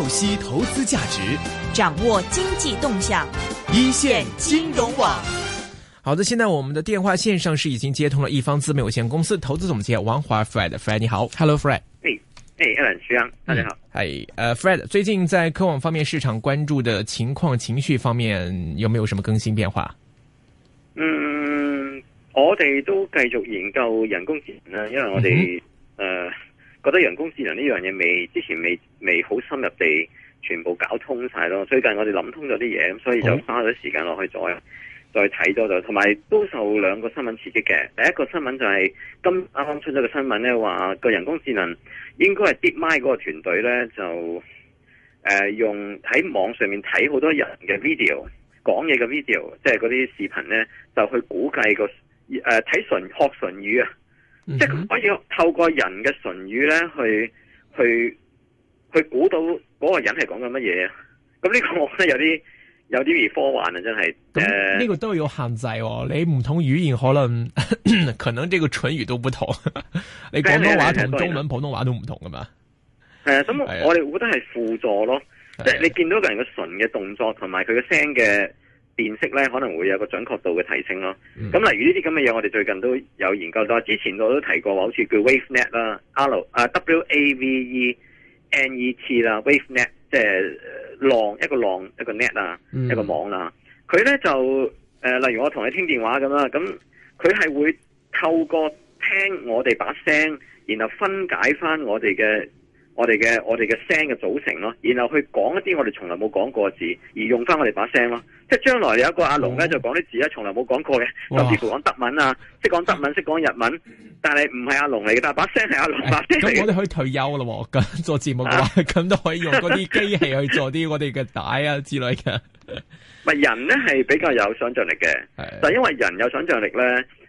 透析投資價值，掌握經濟動向，一線金融網。好的，現在我們的電話線上是已經接通了一方資本有限公司投資總監王華 Fred，Fred 你好，Hello Fred，哎，哎、hey, hey, 嗯，呃，徐陽，大家好，哎，呃，Fred，最近在科網方面市場關注的情況、情緒方面有沒有什麼更新變化？嗯，我哋都繼續研究人工智能啦，因為我哋、嗯、呃。覺得人工智能呢樣嘢未，之前未未好深入地全部搞通晒咯。最近我哋諗通咗啲嘢，所以就花咗時間落去了再再睇多就同埋都受兩個新聞刺激嘅。第一個新聞就係、是、今啱啱出咗個新聞咧，話個人工智能應該係 DeepMind 嗰個團隊咧就誒、呃、用喺網上面睇好多人嘅 video 講嘢嘅 video，即係嗰啲視頻咧就去估計個誒睇唇學唇語啊。嗯、即係可以透過人嘅唇語咧去去去估到嗰個人係講緊乜嘢啊？咁、嗯、呢、這個我覺得有啲有啲而科幻啊，真係。咁呢、嗯嗯、個都要限制喎、哦，你唔同語言可能可能呢個唇語都不同， 你廣東話同中文、嗯嗯、普通話都唔同噶嘛？係啊、嗯，咁、嗯嗯、我哋會覺得係輔助咯，嗯、即係你見到個人嘅唇嘅動作同埋佢嘅聲嘅。辨識咧可能會有個準確度嘅提升咯。咁、嗯、例如呢啲咁嘅嘢，我哋最近都有研究到。就之前我都提過，好似叫 WaveNet 啦啊 W, net, R, W A V E N E T 啦，WaveNet 即係浪一個浪一個 net 啊，一個網啦。佢咧、嗯、就、呃、例如我同你傾電話咁啦，咁佢係會透過聽我哋把聲，然後分解翻我哋嘅。我哋嘅我哋嘅聲嘅組成咯，然後去講一啲我哋從來冇講過嘅字，而用翻我哋把聲咯，即係將來有一個阿龍咧，哦、就講啲字咧從來冇講過嘅，甚至乎講德文啊，識講、哦、德文，識講日文，嗯、但係唔係阿龍嚟嘅，但係把聲係阿龍把聲。咁、哎、我哋可以退休咯，咁、啊、做節目嘅話，咁都可以用嗰啲機器去做啲我哋嘅帶啊之類嘅。唔係 人咧係比較有想象力嘅，是但係因為人有想象力咧，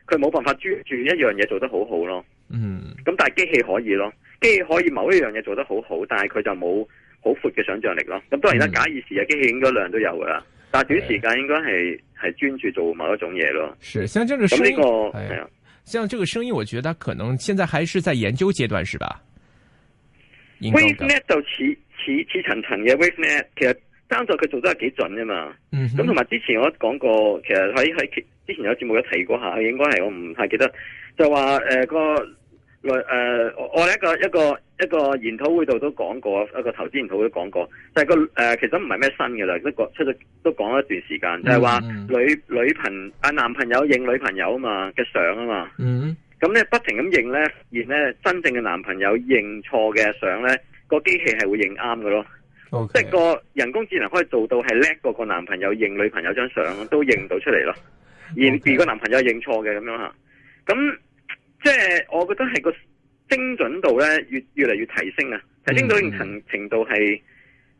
佢冇辦法專注一樣嘢做得好好咯。嗯，咁但係機器可以咯。機器可以某一樣嘢做得好好，但係佢就冇好闊嘅想象力咯。咁當然啦，假以時日，機器應該兩都有噶啦。但係短時間應該係係是專注做某一種嘢咯。是，像這個聲音，係啊、這個，是像這個聲音，我覺得可能現在還是在研究階段，是吧？WaveNet 就似似似，似層層嘅 WaveNet，其實單獨佢做得係幾準㗎嘛。嗯哼。咁同埋之前我講過，其實喺喺之前有節目有提過下，應該係我唔太記得，就話誒、呃、個。內誒，我、呃、我一個一個一個研討會度都講過，一個投資研討會都講過，就係個誒、呃，其實唔係咩新嘅啦，都講出咗，都講咗一段時間，嗯嗯就係話女女朋啊男朋友認女朋友啊嘛嘅相啊嘛，咁咧、嗯嗯、不停咁認咧，而咧真正嘅男朋友認錯嘅相咧，個機器係會認啱嘅咯，Okay 即係個人工智能可以做到係叻過個男朋友認女朋友張相都認到出嚟咯，Okay 而而個男朋友係認錯嘅咁樣吓，咁。即係我覺得係個精準度咧越越嚟越提升啊！提升到一定程度係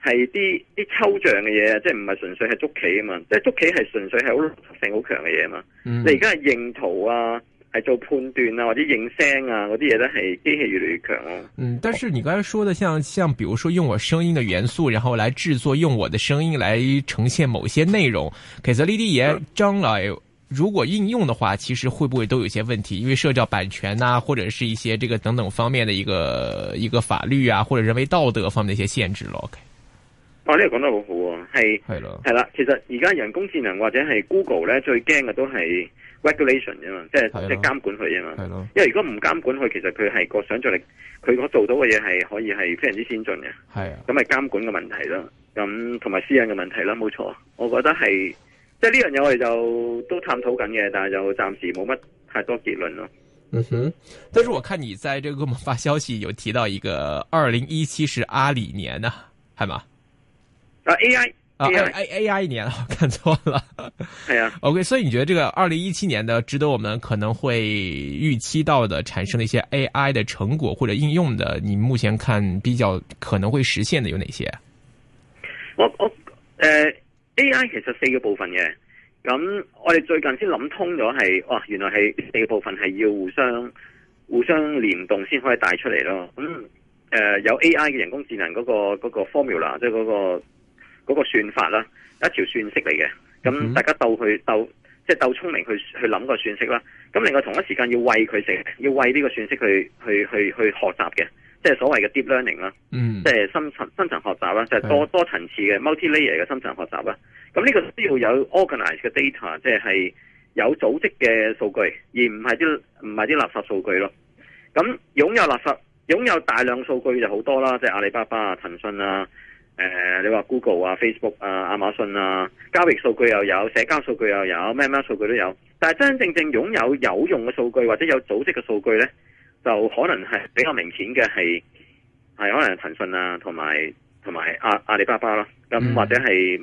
係啲啲抽象嘅嘢啊。即係唔係純粹係捉棋啊嘛！即係捉棋係純粹係好成好強嘅嘢啊嘛。你而家係認圖啊，係做判斷啊，或者認聲啊嗰啲嘢咧係機器越嚟越強啊。嗯，但是你剛才說的像，像像，譬如說用我聲音嘅元素，然後來製作用我的聲音來呈現某些內容，其實呢啲嘢將來，如果應用的話，其實會不會都有一些問題？因為涉及版權啊，或者是一些這個等等方面的一個一個法律啊，或者人為道德方面的一些限制咯。哦、okay? 啊，呢個講得好好啊，係係咯，係啦的。其實而家人工智能或者係 Google 咧，最驚嘅都係 regulation 啊嘛，即係即係監管佢啊嘛。係咯的，因為如果唔監管佢，其實佢係個想象力，佢做到嘅嘢係可以係非常之先進嘅。係啊的，咁係監管嘅問題咯，咁同埋私隱嘅問題啦，冇錯。我覺得係。即係呢樣嘢我哋就都探討緊嘅，但係就暫時冇乜太多結論咯。嗯哼，但是我看你在這個發消息有提到一個二零一七是阿里年啊，係嘛？啊 AI, AI 啊 AIAI AI 年啊，看錯了係 啊。OK，所以你覺得這個二零一七年呢，值得我們可能會預期到的產生的一些 AI 的成果或者應用的，你目前看比較可能會實現的有哪些？我我誒。呃 A.I. 其實四個部分嘅，咁我哋最近先諗通咗係，哇、哦！原來係四個部分係要互相互相聯動先可以帶出嚟咯。咁誒、呃、有 A.I. 嘅人工智能嗰、那個、那個、formula，即係嗰、那個那個算法啦，有一條算式嚟嘅。咁大家鬥去鬥，即係鬥聰明去去諗個算式啦。咁另外同一時間要餵佢食，要餵呢個算式去去去去學習嘅。即係所謂嘅 deep learning 啦、嗯，即係深層深層學習啦，就係多多層次嘅 multi-layer 嘅深層學習啦。咁呢個需要有 organize 嘅 data，即係有組織嘅數據，而唔係啲唔係啲垃圾數據咯。咁擁有垃圾、擁有大量數據就好多啦，即係阿里巴巴啊、騰訊啊、呃、你話 Google 啊、Facebook 啊、亞馬遜啊，交易數據又有，社交數據又有，咩咩數據都有。但係真真正正擁有有用嘅數據或者有組織嘅數據呢。就可能係比較明顯嘅係係可能係騰訊啊，同埋同埋阿阿里巴巴啦、啊，咁、嗯、或者係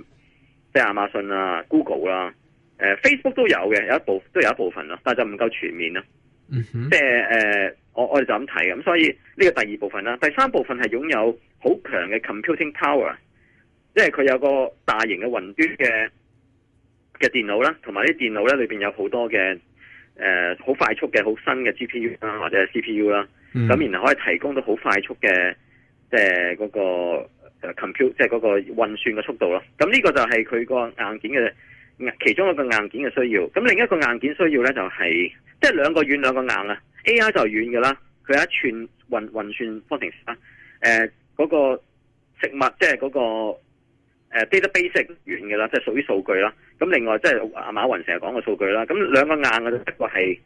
即係亞馬遜啊、Google 啦、啊，誒、呃、Facebook 都有嘅，有一部都有一部分啦、啊，但係就唔夠全面啦、啊，嗯、哼即係誒、呃，我我哋就咁睇嘅。咁所以呢、這個第二部分啦、啊，第三部分係擁有好強嘅 computing power，即係佢有一個大型嘅雲端嘅嘅電腦啦、啊，同埋啲電腦咧裏邊有好多嘅。誒好、呃、快速嘅好新嘅 GPU 啦，或者係 CPU 啦、嗯，咁然後可以提供到好快速嘅，呃那個呃、ute, 即係嗰個 compute 即係嗰個運算嘅速度咯。咁、這、呢個就係佢個硬件嘅其中一個硬件嘅需要。咁另一個硬件需要咧就係即係兩個軟兩個硬啊。AI 就係軟嘅啦，佢有一串運運，運，運算方程式啦。誒、呃、嗰、那個食物即係嗰個 database 軟嘅啦，即係屬於數據啦。咁另外即係阿馬雲成日講嘅數據啦，咁兩個硬嘅一個係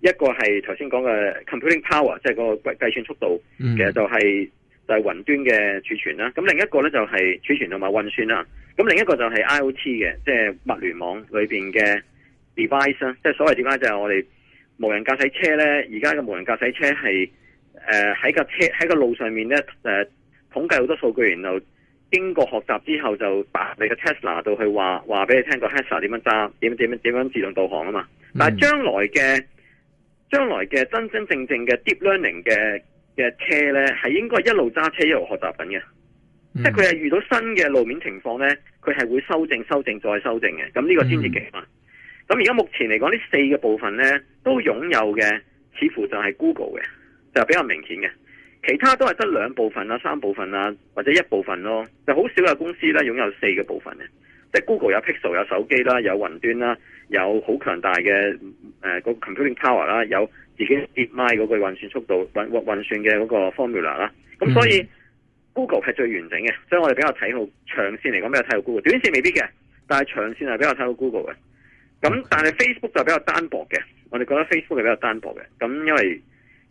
一個係頭先講嘅 computing power，即係個計算速度，其實就係就係雲端嘅儲存啦。咁另一個咧就係儲存同埋運算啦。咁另一個就係 I O T 嘅，即係物聯網裏邊嘅 device 啦。即係所謂點解就係我哋無人駕駛車咧，而家嘅無人駕駛車係誒，喺架車喺個路上面咧，誒統計好多數據，然後。經過學習之後，就把你個 Tesla 到去話話俾你聽個 Tesla 點樣揸，點樣點樣點樣自動導航啊嘛。但係將來嘅將來嘅真真正正嘅 Deep Learning 嘅嘅車呢，係應該是一路揸車一路學習緊嘅，嗯、即係佢係遇到新嘅路面情況呢，佢係會修正、修正、再修正嘅。咁、這、呢個先至幾嘛？咁而家目前嚟講，呢四個部分呢，都擁有嘅，似乎就係 Google 嘅，就比較明顯嘅。其他都係得兩部分啦、三部分啦，或者一部分咯，就好少有公司咧擁有四個部分嘅。即係 Google 有 Pixel 有手機啦，有雲端啦，有好強大嘅誒個 computing power 啦，有自己 DeepMind 嗰個運算速度運運算嘅嗰個 formula 啦。咁所以、嗯、Google 係最完整嘅，所以我哋比較睇好長線嚟講，比較睇好 Google，短線未必嘅，但係長線係比較睇好 Google 嘅。咁但係 Facebook 就比較單薄嘅，我哋覺得 Facebook 係比較單薄嘅。咁因為。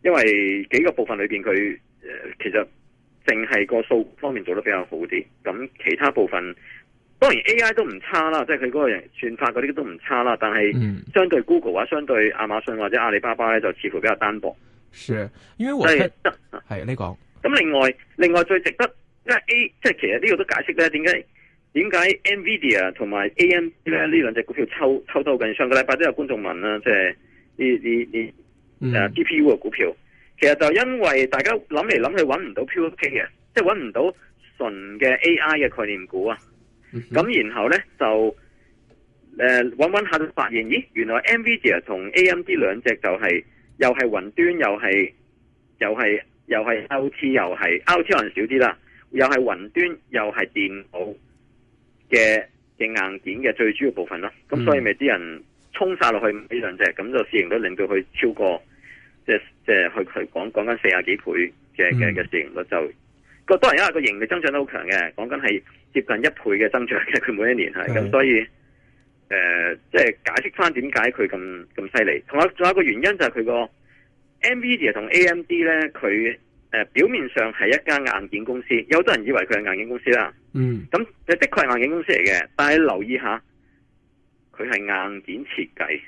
因為幾個部分裏邊佢，誒，其實淨係個數方面做得比較好啲，咁其他部分，當然 AI 都唔差啦，即係佢嗰個人算法嗰啲都唔差啦，但係相對 Google 啊，相對亞馬遜或者阿里巴巴咧，就似乎比較單薄。是，因為我係呢個。咁，啊，另外，另外最值得，因為 A，即係其實呢個都解釋咧，點解點解 Nvidia 同埋 AMD 呢這兩隻股票抽抽到近，上個禮拜都有觀眾問啦，即係，你你你。誒，G P U 嘅股票，其實就因為大家諗嚟諗去揾唔到 pure a 即係揾唔到純嘅 A I 嘅概念股啊。咁、mm hmm. 然後咧就誒揾揾下就發現，咦，原來 Nvidia 同 A M D 兩隻就係、是、又係雲端，又係又係又係 L T，又係 L T 可能少啲啦，又係雲端，又係電腦嘅嘅硬件嘅最主要部分啦，咁、mm hmm. 所以咪啲人。衝晒落去呢兩隻，咁就市盈率令到佢超過，即係即係去去講講緊四十幾倍嘅嘅嘅市盈率就，個當然因為個盈利增長都好強嘅，講緊係接近一倍嘅增長嘅佢每一年係，咁的所以誒、呃、即係解釋翻點解佢咁咁犀利，同埋仲有一個原因就係佢個 Nvidia 同 AMD 咧，佢誒、呃、表面上係一間硬件公司，有好多人以為佢係硬件公司啦，嗯，咁佢的確係硬件公司嚟嘅，但係留意下。佢係硬件設計，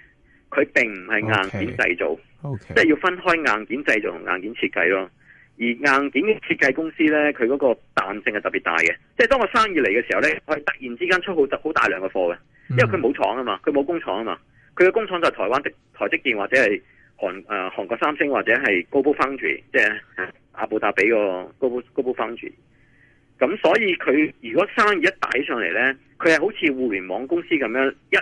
佢並唔係硬件製造，Okay. Okay. 即係要分開硬件製造同硬件設計咯。而硬件嘅設計公司呢，佢嗰個彈性係特別大嘅，即係當個生意嚟嘅時候呢，佢突然之間出好好大量嘅貨嘅，因為佢冇廠啊嘛，佢冇工廠啊嘛，佢嘅工廠就係台灣的台積電或者係韓誒韓國三星或者係高埔 foundry 即係阿布達比個高埔高埔 foundry 咁所以佢如果生意一擺上嚟呢，佢係好似互聯網公司咁樣一。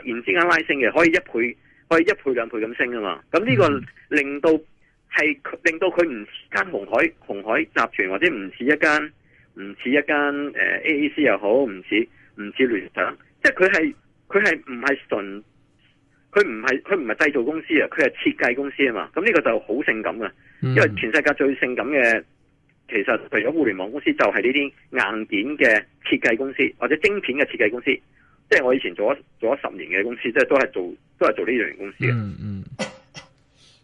突然之間拉升嘅，可以一倍，可以一倍兩倍咁升啊嘛！咁、這、呢個令到係令到佢唔似間紅海紅海集團，或者唔似一間唔似一間誒、呃、A A C 又好，唔似唔似聯想，即係佢係佢係唔係純，佢唔係佢唔係製造公司啊，佢係設計公司啊嘛！咁、這、呢個就好性感嘅，因為全世界最性感嘅，其實除咗互聯網公司，就係呢啲硬件嘅設計公司或者晶片嘅設計公司。或者即係我以前做咗做咗十年嘅公司，即係都係做都係做呢樣公司嘅。嗯。嗯嗯。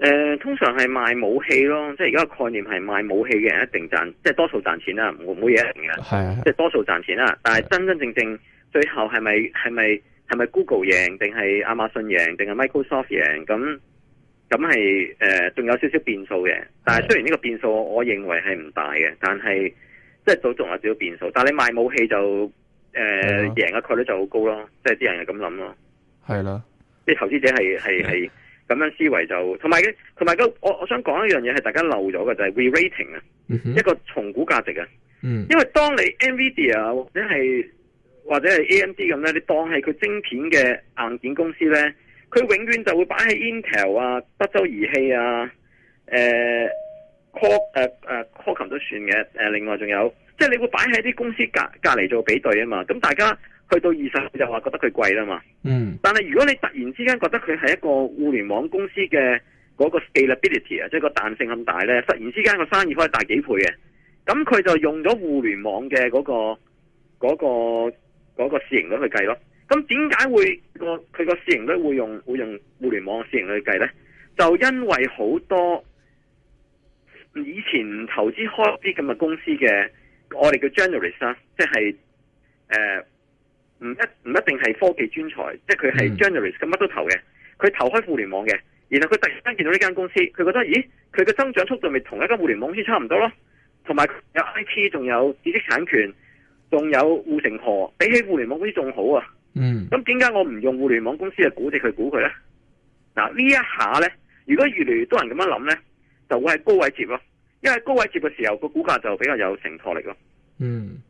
誒、呃，通常係賣武器咯，即係而家個概念係賣武器嘅人一定賺，即係多數賺錢啦，冇冇嘢贏嘅，係啊，是的即係多數賺錢啦。但係真真正正最後係咪係咪係咪 Google 贏定係亞馬遜贏定係 Microsoft 贏？咁咁係誒，仲、呃、有少少變數嘅。但係雖然呢個變數我認為係唔大嘅的，但係即係都仲有少少變數。但係你賣武器就誒贏嘅概率就好高咯，即係啲人係咁諗咯。係啦的，啲的投資者係係係。是的是咁樣思維就，同埋同埋我我想講一樣嘢係大家漏咗嘅就係、是、re-rating 啊，rating, 嗯、哼一個重估價值啊。嗯、因為當你 NVIDIA 或者係或者係 AMD 咁呢，你當係佢晶片嘅硬件公司呢，佢永遠就會擺喺 Intel 啊、德州儀器啊、Core 誒 c o、um, 啊啊、r、um、都算嘅。誒、啊、另外仲有，即、就、係、是、你會擺喺啲公司隔隔離做比對啊嘛。咁大家。去到二十就話覺得佢貴啦嘛，嗯，但係如果你突然之間覺得佢係一個互聯網公司嘅嗰個 scalability 啊，即係個彈性咁大咧，突然之間個生意可以大幾倍嘅，咁佢就用咗互聯網嘅嗰個嗰個嗰個市盈率去計咯。咁點解會個佢個市盈率會用會用互聯網嘅市盈率去計咧？就因為好多以前投資開啲咁嘅公司嘅，我哋叫 generalist 啊、就是，即係誒。唔一唔一定係科技專才，即係佢係 generous 咁，佢乜都投嘅。佢投開互聯網嘅，然後佢突然間見到呢間公司，佢覺得咦，佢嘅增長速度咪同一間互聯網公司差唔多咯，同埋有 I T，仲有知識產權，仲有護城河，比起互聯網公司仲好啊。嗯。咁點解我唔用互聯網公司嘅估值去估佢咧？嗱呢一下咧，如果越嚟越多人咁樣諗咧，就會係高位接咯，因為高位接嘅時候個股價就比較有承托力咯。嗯。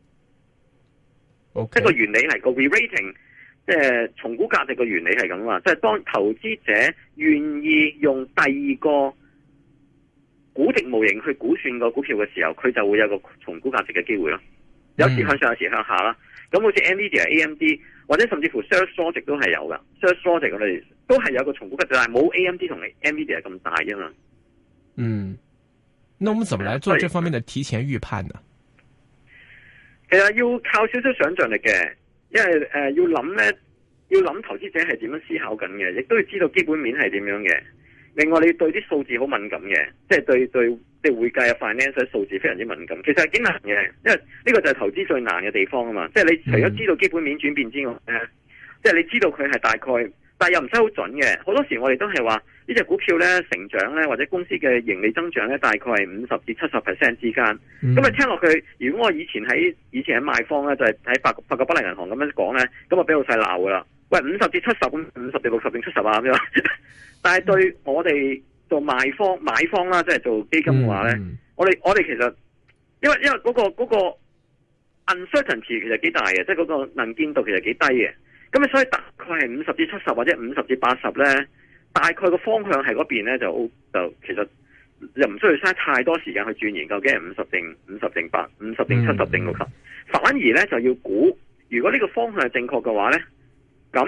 一個 Okay, 原理嚟個 re-rating，即係重估價值嘅原理係咁啊，即係當投資者願意用第二個估值模型去估算個股票嘅時候，佢就會有一個重估價值嘅機會咯。有時向上，有時向下啦。咁好似 Nvidia、AMD，或者甚至乎 s e a r e s a w 值都係有噶，s e a r e s a w 值我哋都係有個重估價值，但係冇 AMD 同 Nvidia 咁大啫嘛。嗯，那我們怎麼來做這方面的提前預判呢？係啊，其實要靠少少想象力嘅，因為誒要諗咧，要諗投資者係點樣思考緊嘅，亦都要知道基本面係點樣嘅。另外，你要對啲數字好敏感嘅，即係對對即係會計嘅 finance 嘅數字非常之敏感。其實係幾難嘅，因為呢個就係投資最難嘅地方啊嘛。嗯、即係你除咗知道基本面轉變之外，誒，即係你知道佢係大概，但係又唔使好準嘅。好多時我哋都係話。呢隻股票咧，成長咧，或者公司嘅盈利增長咧，大概係五十至七十 percent 之間。咁啊、嗯，你聽落去，如果我以前喺以前喺賣方咧，就係喺法國法國巴黎銀行咁樣講咧，咁啊，俾老細鬧噶啦。喂，五十至七十，五十至六十定七十啊咁樣。 嗯、但係對我哋做賣方買方啦，即係做基金嘅話咧、嗯，我哋我哋其實因為因為嗰、那個嗰、那個 uncertainty 其實幾大嘅，即係嗰個能見度其實幾低嘅。咁啊，所以大概係五十至七十或者五十至八十咧。大概個方向係嗰邊呢，就就其實又唔需要嘥太多時間去鑽研究竟係五十定五十定八五十定七十定六十，8, 60, 嗯、反而呢，就要估如果呢個方向係正確嘅話呢，咁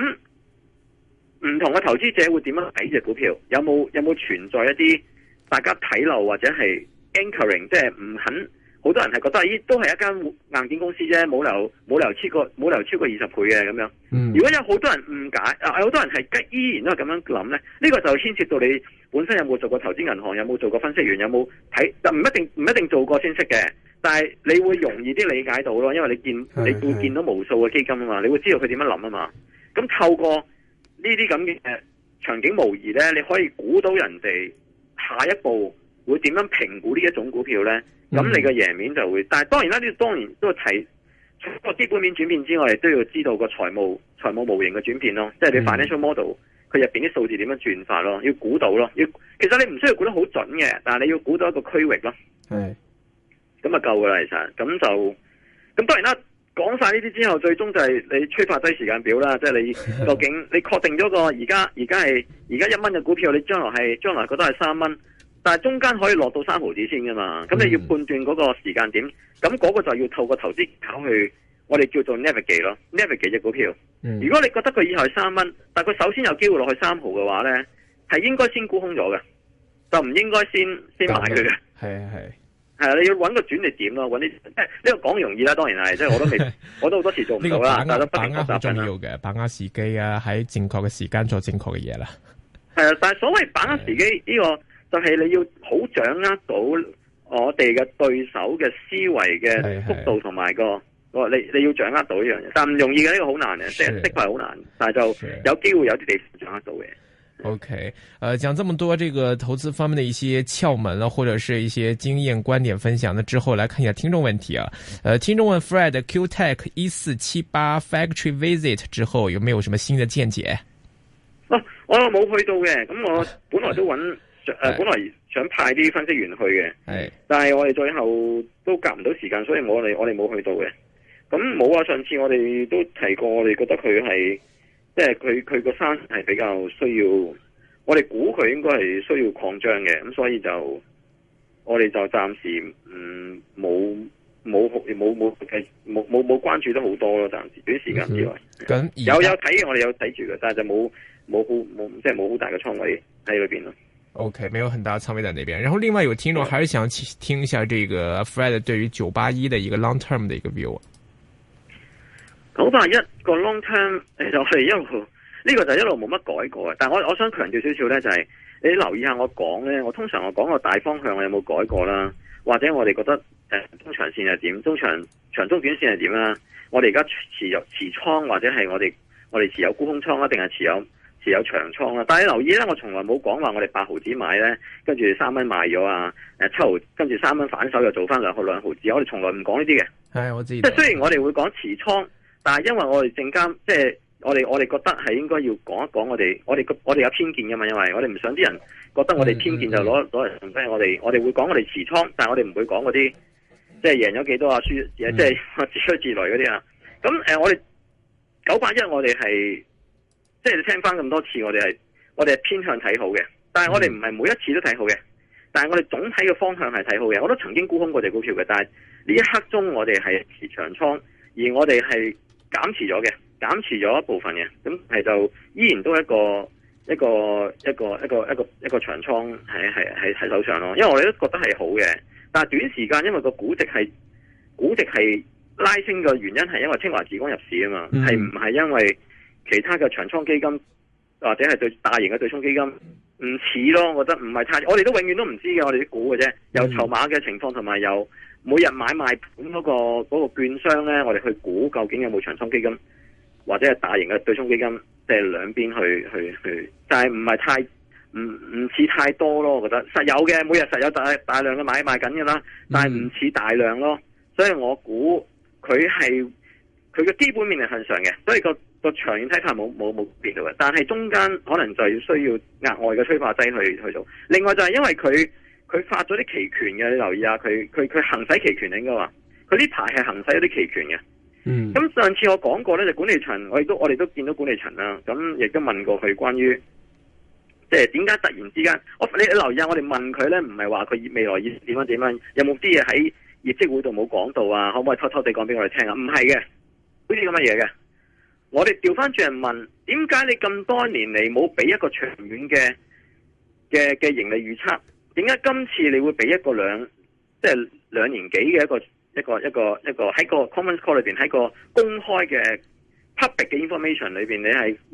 唔同嘅投資者會點樣睇隻股票？有冇有冇存在一啲大家睇漏或者係 anchoring 即係唔肯？好多人係覺得，咦都係一間硬件公司啫，冇理由冇理由超過冇理由超過二十倍嘅咁樣。嗯、如果有好多人誤解，啊有好多人係依依然都係咁樣諗呢，呢、呢個就牽涉到你本身有冇做過投資銀行，有冇做過分析員，有冇睇就唔一定唔一定做過先識嘅。但係你會容易啲理解到咯，因為你見你會見到無數嘅基金啊嘛，你會知道佢點樣諗啊嘛。咁透過呢啲咁嘅場景模擬呢，你可以估到人哋下一步。會點樣評估呢一種股票呢？咁你個贏面就會，但係當然啦，呢當然都要睇除咗個基本面轉變之外，都要知道個財務財務模型嘅轉變咯，嗯、即係你 financial model 佢入邊啲數字點樣轉化咯，要估到咯，要其實你唔需要估得好準嘅，但係你要估到一個區域咯。係是，咁就夠噶啦，其實咁就咁當然啦，講晒呢啲之後，最終就係你催發低時間表啦，即係你究竟你確定咗個而家而家係而家一蚊嘅股票，你將來係將來覺得係三蚊。但係中間可以落到三毫子先噶嘛？咁你要判斷嗰個時間點，咁嗰、嗯、個就要透過投資搞去，我哋叫做 navigate 咯，navigate 嘅股票。嗯、如果你覺得佢以後係三蚊，但係佢首先有機會落去三毫嘅話咧，係應該先沽空咗嘅，就唔應該先先買佢嘅。係啊係，係啊，你要揾個轉捩點咯，揾啲，呢、欸這個講容易啦，當然係，即、就、係、是、我都未， 我都好多次做唔到啦。但係都不停學習緊啦。把握重要嘅，把握時機啊，喺正確嘅時間做正確嘅嘢啦。係啊，但係所謂把握時機呢、這個。的就係你要好掌握到我哋嘅對手嘅思維嘅幅度同埋個是是是、哦、你你要掌握到呢樣嘢，但唔容易嘅呢、這個好難嘅，即係識係好難，但係就有機會有啲地方掌握到嘅。OK，誒，講咁多這個投資方面的一些竅門啦，或者是一些經驗觀點分享，呢之後來看一下聽眾問題啊。誒、呃，聽眾問 Fred Q Tech 一四七八 Factory Visit 之後，有沒有什麼新的見解？啊、我我冇去到嘅，咁我本來都揾。 誒，是本來想派啲分析員去嘅，是但係我哋最後都夾唔到時間，所以我哋我哋冇去到嘅。咁冇啊，上次我哋都提過，我哋覺得佢係，即係佢佢個山係比較需要，我哋估佢應該係需要擴張嘅，咁所以就我哋就暫時嗯冇冇冇冇冇冇關注得好多咯，暫時短時間之外。咁、嗯、有有睇，我哋有睇住嘅，但係就冇冇好冇即係冇好大嘅倉位喺裏邊咯。OK，沒有很大倉位在那邊。然後另外有聽眾還是想聽一下這個 Fred 對於九八一的一個 long term 的一個 view，啊。九八一個 long term 就係一路呢、這個就一路冇乜改過嘅。但係我我想強調少少咧，就係你留意下我講咧，我通常我講個大方向我有冇改過啦，或者我哋覺得誒、呃、中長線係點，中長長中短線係點啦。我哋而家持有持倉或者係我哋我哋持有沽空倉啊，定係持有？持有長倉啦，但係你留意咧，我從來冇講話我哋八毫子買咧，跟住三蚊賣咗啊！誒七毫，跟住三蚊反手又做翻兩毫兩毫紙，我哋從來唔講呢啲嘅。係，我知。即係雖然我哋會講持倉，但係因為我哋證監，即係我哋我哋覺得係應該要講一講我哋我哋我哋有偏見嘅嘛，因為我哋唔想啲人覺得我哋偏見就攞攞嚟，嗯嗯、我哋我哋會講我哋持倉，但係我哋唔會講嗰啲即係贏咗幾多啊，輸即係、嗯、自吹自擂嗰啲啊。咁誒，我哋九八一我哋係。即係你聽翻咁多次，我哋係我哋係偏向睇好嘅，但係我哋唔係每一次都睇好嘅，但係我哋總體嘅方向係睇好嘅。我都曾經沽空過隻股票嘅，但係呢一刻中我哋係持長倉，而我哋係減持咗嘅，減持咗一部分嘅，咁係就依然都係一個一個一個一個一個一個,一個長倉喺喺喺喺手上咯。因為我哋都覺得係好嘅，但係短時間因為個估值係估值係拉升嘅原因係因為清華紫光入市啊嘛，係唔係因為？其他嘅長倉基金或者係對大型嘅對沖基金唔似咯，我覺得唔係太。我哋都永遠都唔知嘅，我哋啲估嘅啫。有籌碼嘅情況同埋有每日買賣咁嗰個嗰個券商咧，我哋去估究，究竟有冇長倉基金或者係大型嘅對沖基金，即係兩邊去去去，但係唔係太唔唔似太多咯。我覺得實有嘅，每日實有大大量嘅買賣緊嘅啦，但係唔似大量咯。所以我估佢係佢嘅基本面係向上嘅，所以嗰個。個長遠睇法冇冇冇變到嘅，但係中間可能就要需要額外嘅催化劑去去做。另外就係因為佢佢發咗啲期權嘅，你留意下佢佢佢行使期權應該話，佢呢排係行使咗啲期權嘅。嗯，咁上次我講過咧，就管理層我亦都我哋都見到管理層啦。咁亦都問過佢關於，即係點解突然之間，我你留意下我們，我哋問佢咧，唔係話佢未來要點樣點樣，有冇啲嘢喺業績會度冇講到啊？可唔可以偷偷哋講俾我哋聽啊？唔係嘅，好似咁嘅嘢嘅。我哋調翻轉嚟問，點解你咁多年嚟冇俾一個長遠嘅嘅嘅盈利預測？點解今次你會俾一個兩即係兩年幾嘅一個一個一個一個喺個 conference call 裏邊，喺個公開嘅 public 嘅 information 裏邊，你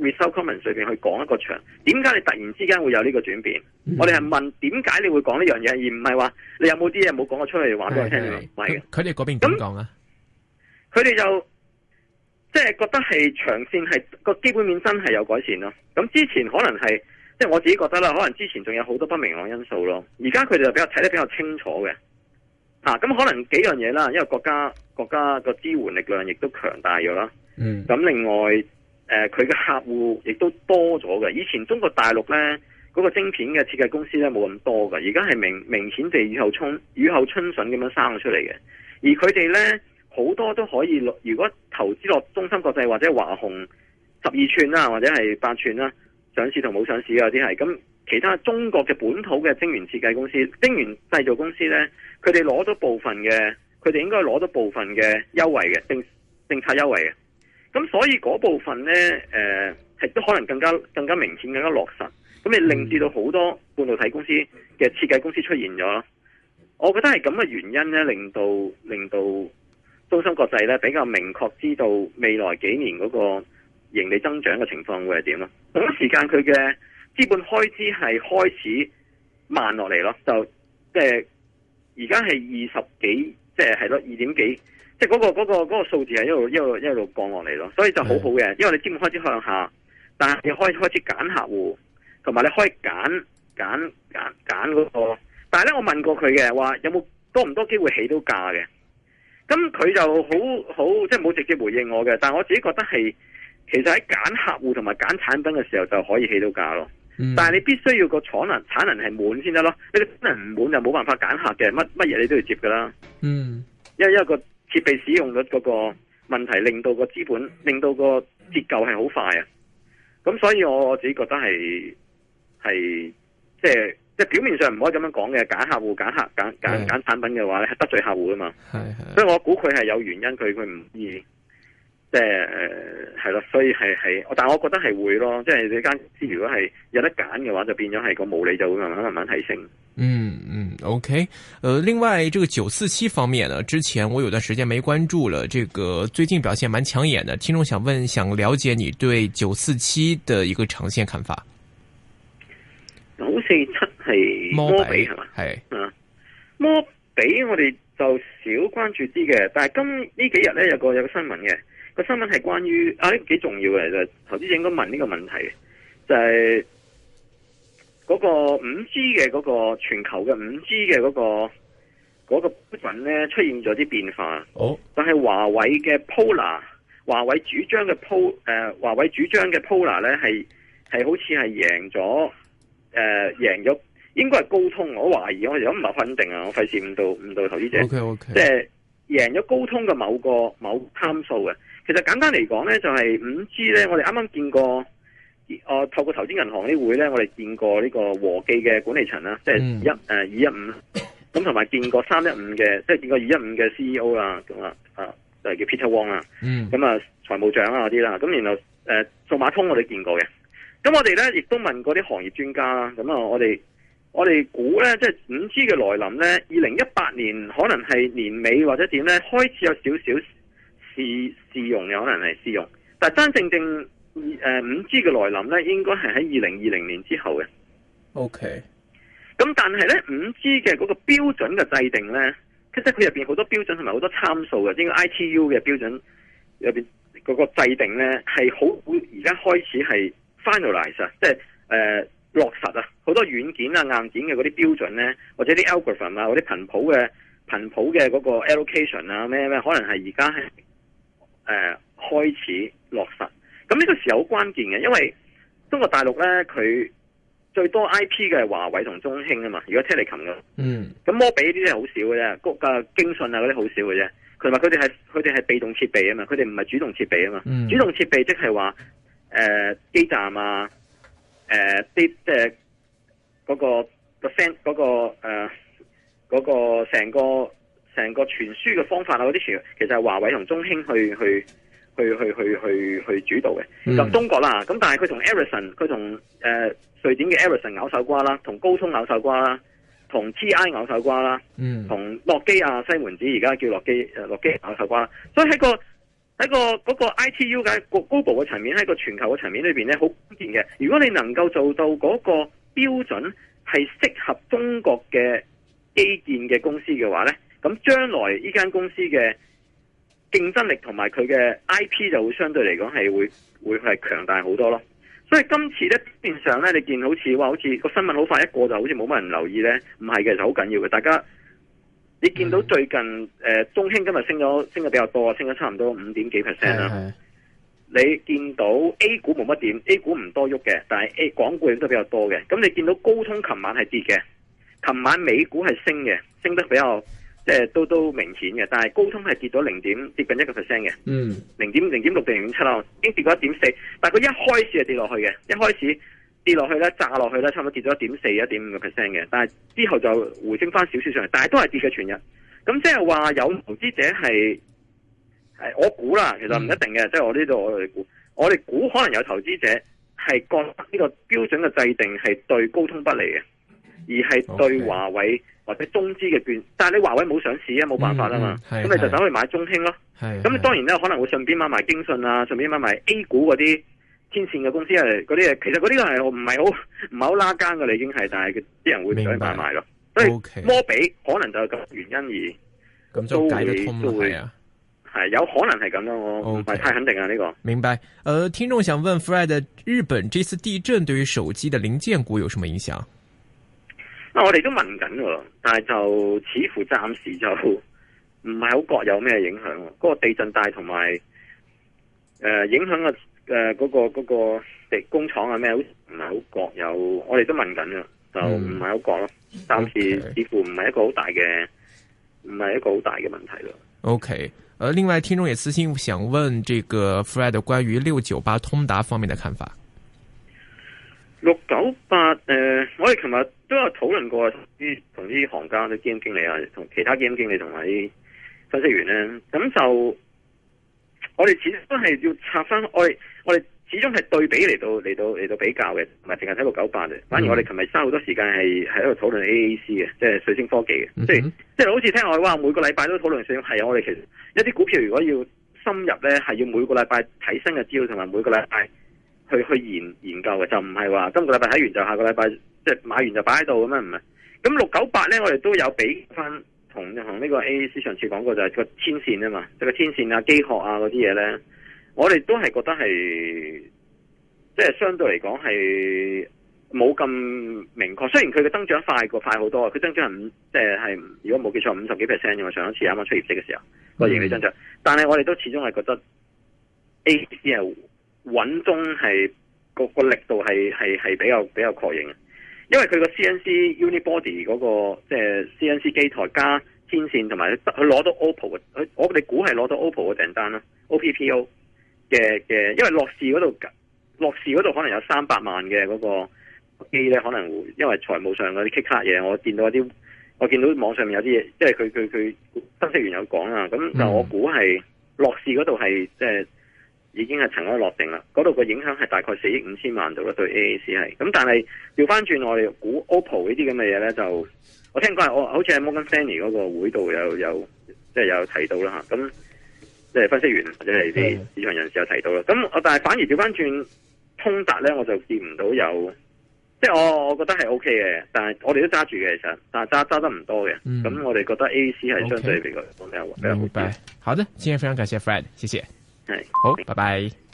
係 result comment 水平去講一個長？點解你突然之間會有呢個轉變？嗯、我哋係問點解你會講呢樣嘢，而唔係話你有冇啲嘢冇講過出嚟話俾我聽？係，佢哋嗰邊點講啊？佢哋就。即係覺得係長線，係個基本面真係有改善咯，咁之前可能係即係我自己覺得啦，可能之前仲有好多不明朗因素咯，而家佢哋就比較睇得比較清楚嘅，吓、啊、咁可能幾樣嘢啦，因為國家國家個支援力量亦都強大咗啦，嗯，咁另外誒佢嘅客戶亦都多咗嘅，以前中國大陸呢，嗰、嗰個晶片嘅設計公司呢，冇咁多㗎。而家係明明顯地雨後春雨後春筍咁樣生咗出嚟嘅，而佢哋呢。好多都可以落。如果投資落中芯國際或者華虹十二寸啦，或者係八寸啦，上市同冇上市嗰啲係咁。其他中國嘅本土嘅晶圓設計公司、晶圓製造公司呢，佢哋攞咗部分嘅，佢哋應該攞咗部分嘅優惠嘅政政策優惠嘅。咁所以嗰部分呢，誒、呃、係都可能更加更加明顯更加落實。咁你令至到好多半導體公司嘅設計公司出現咗。我覺得係咁嘅原因呢，令到令到。中芯國際咧比較明確知道未來幾年嗰個盈利增長嘅情況會係點咯？同一時間佢嘅資本開支係開始慢落嚟咯，就即係而家係二十幾，即係係咯二點幾，即係嗰個嗰個嗰個嗰個數字係一路一路一路降落嚟咯。所以就好好嘅，的因為你資本開始向下，但係你開開始揀客戶，同埋你可以揀揀揀揀嗰個。但係咧，我問過佢嘅話，有冇多唔多機會起到價嘅？咁佢就好好，即係冇直接回應我嘅。但係我自己覺得係，其實喺揀客戶同埋揀產品嘅時候就可以起到價咯。嗯、但係你必須要個廠能產能產能係滿先得咯。你個產能唔滿就冇辦法揀客嘅，乜乜嘢，你都要接㗎啦。嗯，因為，因因為個設備使用率嗰個問題令到個資本令到個折舊係好快啊。咁所以我自己覺得係係即係。即係表面上唔可以咁樣講嘅，揀客戶、揀客、揀揀揀產品嘅話咧，係得罪客戶噶嘛。係係。所以我估佢係有原因，佢佢唔易。即係誒係咯，所以係係，但係我覺得係會咯，即係你間公司如果係有得揀嘅話，就變咗係個毛利就會慢慢慢慢提升。嗯嗯，OK。誒、呃，另外，這個九四七方面呢，之前我有段時間沒關注了，這個最近表現蠻搶眼的。聽眾想問，想了解你對九四七的一個長線看法。九四七係摩比係嘛係啊，摩比我哋就少關注啲嘅，但係今幾呢幾日咧有個有個新聞嘅個新聞係關於啊呢個幾重要嘅，就頭先應該問呢個問題嘅就係、是、嗰、那個五 G 嘅嗰、那個全球嘅五 G 嘅嗰、那個嗰、那個部分咧出現咗啲變化，哦、但係華為嘅 Polar 華為主張嘅 Polar 誒華、呃、為主張嘅 Polar 咧係係好似係贏咗。誒，贏咗、呃、應該係高通，我懷疑，我哋都唔係肯定啊，我費事誤導誤導投資者。O K O K，即係贏咗高通嘅某個某參數嘅。其實簡單嚟講咧，就係、是、五 G 咧，我哋啱啱見過，我、呃、透過投資銀行會呢會咧，我哋見過呢個和記嘅管理層啦，即係一誒二一五啦，咁同埋見過三一五嘅，即係見過二一五嘅 C E O 啦咁，啊啊就係、是、叫 Peter Wong 啦咁、嗯、啊財務長啊嗰啲啦，咁然後誒數碼通我哋見過嘅。咁我哋咧亦都問過啲行業專家啦，咁啊我哋我哋估咧，即係五 G 嘅來臨咧，二零一八年可能係年尾或者點咧，開始有少少試試用，有可能係試用，但係真正正誒五 G 嘅來臨咧，應該係喺二零二零年之後嘅。O K. 咁但係咧五 G 嘅嗰個標準嘅制定咧，其實佢入邊好多標準同埋好多參數嘅，呢個 I T U 嘅標準入邊嗰個制定咧係好而家開始係。finalise 啊，Final ize，即係誒、呃、落實啊，好多軟件啊、硬件嘅嗰啲標準咧，或者啲 algorithm 啊，或者頻譜嘅頻譜嘅嗰個 allocation 啊，咩咩，可能係而家係誒開始落實。咁呢個時候好關鍵嘅，因為中國大陸咧，佢最多 IP 嘅係華為同中興啊嘛，如果 telecom 嘅。嗯、mm.。咁摩比呢啲係好少嘅啫，個啊京信啊嗰啲好少嘅啫。佢同埋佢哋係佢哋係被動設備啊嘛，佢哋唔係主動設備啊嘛。Mm. 主動設備即係話。誒基、呃、站啊，誒、呃、啲即係嗰、那個、那個聲，嗰、呃那個誒嗰個成個成個傳輸嘅方法啊，嗰啲傳其實係華為同中興去去去去去去去主導嘅。咁、嗯、中國啦，咁但係佢同 Ericsson，佢同誒、呃、瑞典嘅 Ericsson 咬手瓜啦，同高通咬手瓜啦，同 TI 咬手瓜啦，同、嗯、諾基亞西門子而家叫諾基誒諾基咬手瓜，所以喺個。喺個嗰個 ITU 嘅 global 嘅層面，喺個全球嘅層面裏邊咧，好關鍵嘅。如果你能夠做到嗰個標準係適合中國嘅基建嘅公司嘅話咧，咁將來呢間公司嘅競爭力同埋佢嘅 IP 就會相對嚟講係會會係強大好多咯。所以今次咧，表面上咧，你見好似話，好似個新聞好快一過就好似冇乜人留意咧，唔係嘅，就好緊要嘅，大家。你見到最近誒、呃、中興今日升咗是是，升得比較多，升咗差唔多五點幾 percent 啦。你見到 A 股冇乜點，A 股唔多喐嘅，但係 A 港股都比較多嘅。咁你見到高通琴晚係跌嘅，琴晚美股係升嘅，升得比較即係都都明顯嘅。但係高通係跌咗零點，接近一個 percent 嘅。嗯，零點零點六定零點七啦。已經跌過一點四，但係佢一開始係跌落去嘅，一開始。跌落去咧，炸落去咧，差唔多跌咗一點四、一點五個 percent 嘅。但係之後就回升返少少上嚟，但係都係跌嘅全日。咁即係話有投資者係，係我估啦，其實唔一定嘅。即係、嗯、我呢度我哋估，我哋估可能有投資者係覺得呢個標準嘅制定係對高通不利嘅，而係對華為或者中資嘅券。但係你華為冇上市啊，冇辦法啊嘛。咁、嗯嗯、你就等去買中興咯。咁當然咧，可能會順便買埋京訊啊，順便買埋 A 股嗰啲。天綫嘅公司係嗰啲嘢，其實嗰啲係唔係好唔係好拉更嘅，已經係，但係啲人會想去買賣咯。白所以 okay，摩比可能就係咁原因而咁解都會係、啊、有可能係咁咯。我唔係太肯定啊。呢 okay,、這個明白。誒、呃，聽眾想問 Fred，日本這次地震對於手機嘅零件股有什麼影響？啊，我哋都問緊噶，但係就似乎暫時就唔係好覺有咩影響。嗰、那個地震帶同埋誒影響嘅。誒，嗰、呃那個嗰、那個地工廠啊咩，好似唔係好國有，我哋都問緊嘅，就唔係好國咯。暫時似乎唔係一個好大嘅，唔係、嗯 okay, 一個好大嘅問題咯。OK，誒，另外聽眾也私心想問這個 Fred 關於六九八通達方面嘅看法。六九八誒，我哋琴日都有討論過，同啲同啲行家啲基金經理啊，同其他基金經理同埋分析員咧，咁就。我哋始終都係要拆翻，我我哋始終係對比嚟到嚟到嚟到比較嘅，唔係淨係睇六九八嘅。反而我哋琴日花好多時間係喺度討論 AAC 嘅，mm hmm. 即係水星科技嘅，即係即係好似聽我話，每個禮拜都討論水星係啊。我哋其實一啲股票如果要深入咧，係要每個禮拜睇新嘅資料，同埋每個禮拜去去研研究嘅，就唔係話今個禮拜睇完就下個禮拜即係、就是、買完就擺喺度咁樣，唔係。咁六九八咧，我哋都有俾翻。同呢個 AAC 上次講過就係個天線啊嘛，即係個天線啊、機殼啊嗰啲嘢咧，我哋都係覺得係即係相對嚟講係冇咁明確。雖然佢嘅增長快過快好多啊，佢增長係五即係係如果冇記錯五十幾 percent 嘅嘛，上一次啱啱出業績嘅時候個盈利增長，認嗯、但係我哋都始終係覺得 AAC 係穩中係個個力度係係係比較比較確認嘅。因為佢個 CNC Unibody 嗰個即係 CNC 機台加天線，同埋佢攞到 OPPO，佢我哋估係攞到 OPPO 嘅訂單啦，OPPO 嘅嘅，因為樂視嗰度，樂視嗰度可能有三百萬嘅嗰個機咧，可能因為財務上嗰啲 take 卡嘢，我見到一啲，我見到網上面有啲嘢，即係佢佢佢分析員有講啊，咁嗱我估係樂視嗰度係即係。呃已經係塵埃落定啦，嗰度嘅影響係大概四億五千萬度啦，對 A A C 係咁。但係調翻轉我哋估 OPPO 呢啲咁嘅嘢咧，就我聽講，我好似喺 Morgan Stanley 嗰個會度有有即係有提到啦吓，咁即係分析員或者係啲市場人士有提到啦。咁我 Okay. 但係反而調翻轉通達咧，我就見唔到有，即係我我覺得係 O K 嘅，但係我哋都揸住嘅，其實但係揸揸得唔多嘅。咁、嗯、我哋覺得 A A C 係相對比較比較好。Okay. 好嘅，好的，今日非常感謝 Fred，謝謝。好，拜拜。